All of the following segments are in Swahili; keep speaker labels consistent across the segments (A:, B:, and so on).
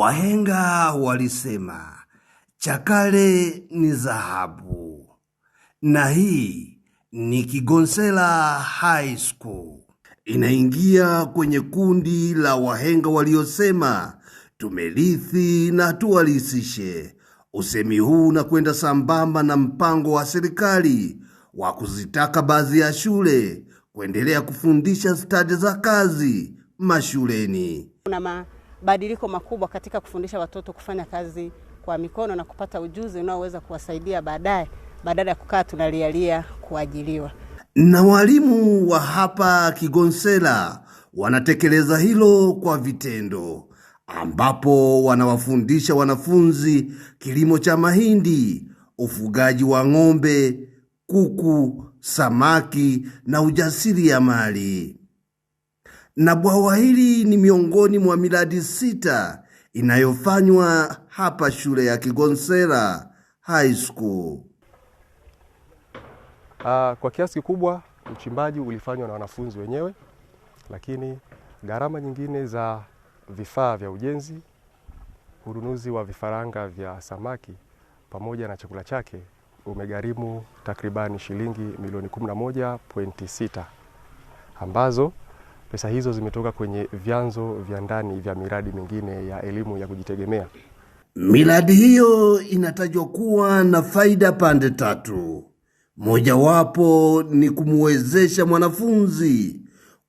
A: Wahenga walisema cha kale ni dhahabu, na hii ni Kigonsera High School inaingia kwenye kundi la wahenga waliosema tumerithi na tuwarithishe. Usemi huu unakwenda sambamba na mpango wa serikali wa kuzitaka baadhi ya shule kuendelea kufundisha stadi za kazi mashuleni
B: mabadiliko makubwa katika kufundisha watoto kufanya kazi kwa mikono na kupata ujuzi unaoweza kuwasaidia baadaye badala ya kukaa tunalialia kuajiliwa.
A: Na walimu wa hapa Kigonsera wanatekeleza hilo kwa vitendo, ambapo wanawafundisha wanafunzi kilimo cha mahindi, ufugaji wa ng'ombe, kuku, samaki na ujasiriamali na bwawa hili ni miongoni mwa miradi sita inayofanywa hapa shule ya Kigonsera High School.
C: Uh, kwa kiasi kikubwa uchimbaji ulifanywa na wanafunzi wenyewe, lakini gharama nyingine za vifaa vya ujenzi, ununuzi wa vifaranga vya samaki pamoja na chakula chake umegharimu takribani shilingi milioni 11.6 ambazo Pesa hizo zimetoka kwenye vyanzo vya ndani vya miradi mingine ya elimu ya kujitegemea.
A: Miradi hiyo inatajwa kuwa na faida pande tatu. Mojawapo ni kumwezesha mwanafunzi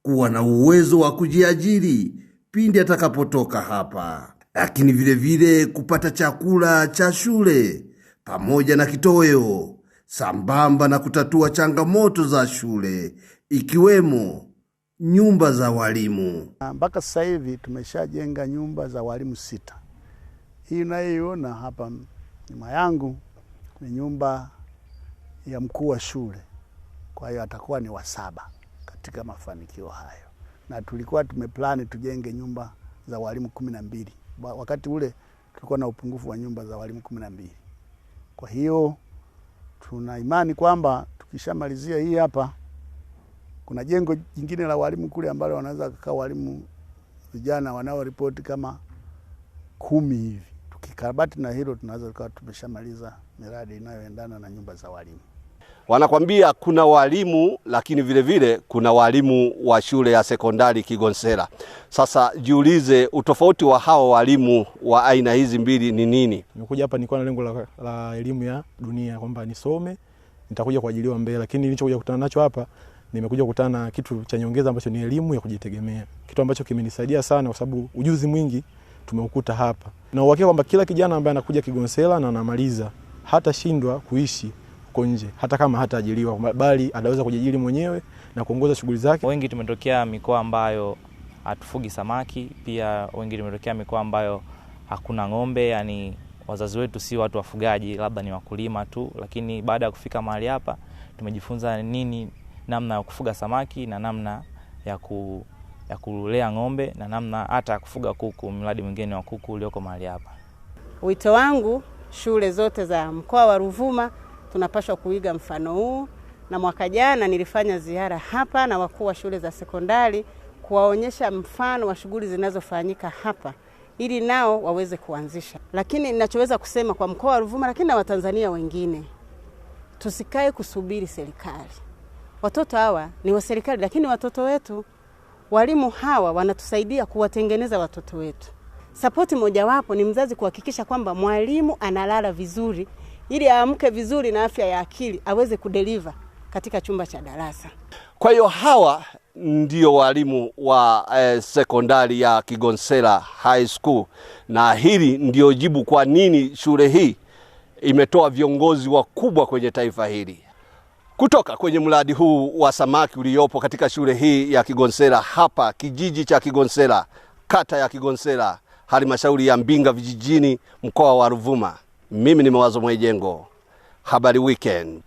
A: kuwa na uwezo wa kujiajiri pindi atakapotoka hapa, lakini vilevile vile kupata chakula cha shule pamoja na kitoweo, sambamba na kutatua changamoto za shule ikiwemo nyumba za walimu.
D: Mpaka sasa hivi tumeshajenga nyumba za walimu sita. Hii unayoiona hapa nyuma yangu ni nyumba ya mkuu wa shule, kwa hiyo atakuwa ni wa saba katika mafanikio hayo, na tulikuwa tumeplani tujenge nyumba za walimu kumi na mbili. Wakati ule tulikuwa na upungufu wa nyumba za walimu kumi na mbili. Kwa hiyo tuna imani kwamba tukishamalizia hii hapa kuna jengo jingine la walimu kule ambalo wanaweza kukaa walimu vijana wanaoripoti kama kumi hivi. Tukikarabati na hilo, tunaweza tukawa tumeshamaliza miradi inayoendana na nyumba za walimu.
A: Wanakwambia kuna walimu lakini vile vile kuna walimu wa shule ya sekondari Kigonsera. Sasa jiulize utofauti wa hawa walimu wa aina hizi mbili ni nini?
C: Nimekuja hapa nilikuwa na lengo la, la elimu ya dunia kwamba nisome nitakuja kuajiliwa mbele, lakini nilichokuja kukutana nacho hapa nimekuja kukutana na kitu cha nyongeza ambacho ni elimu ya kujitegemea, kitu ambacho kimenisaidia sana, kwa sababu ujuzi mwingi tumeukuta hapa, na uhakika kwamba kila kijana ambaye anakuja Kigonsera na anamaliza hatashindwa kuishi huko nje, hata kama hataajiriwa, bali anaweza kujiajiri mwenyewe na kuongoza shughuli zake.
E: Wengi tumetokea mikoa ambayo hatufugi samaki, pia wengi tumetokea mikoa ambayo hakuna ng'ombe, yani wazazi wetu si watu wafugaji, labda ni wakulima tu, lakini baada ya kufika mahali hapa tumejifunza nini namna ya kufuga samaki na namna ya, ku, ya kulea ng'ombe na namna hata ya kufuga kuku, mradi mwingine wa kuku ulioko mahali hapa.
F: Wito wangu shule zote za mkoa wa Ruvuma tunapaswa kuiga mfano huu, na mwaka jana nilifanya ziara hapa na wakuu wa shule za sekondari kuwaonyesha mfano wa shughuli zinazofanyika hapa ili nao waweze kuanzisha. Lakini ninachoweza kusema kwa mkoa wa Ruvuma, lakini na Watanzania wengine, tusikae kusubiri serikali. Watoto hawa ni wa serikali, lakini watoto wetu, walimu hawa wanatusaidia kuwatengeneza watoto wetu. Sapoti mojawapo ni mzazi kuhakikisha kwamba mwalimu analala vizuri, ili aamke vizuri na afya ya akili aweze kudeliva katika chumba cha darasa.
A: Kwa hiyo hawa ndio walimu wa eh, sekondari ya Kigonsera High School, na hili ndio jibu kwa nini shule hii imetoa viongozi wakubwa kwenye taifa hili kutoka kwenye mradi huu wa samaki uliyopo katika shule hii ya Kigonsera hapa kijiji cha Kigonsera, kata ya Kigonsera, halmashauri ya Mbinga vijijini, mkoa wa Ruvuma. Mimi ni Mawazo Mwejengo, habari weekend.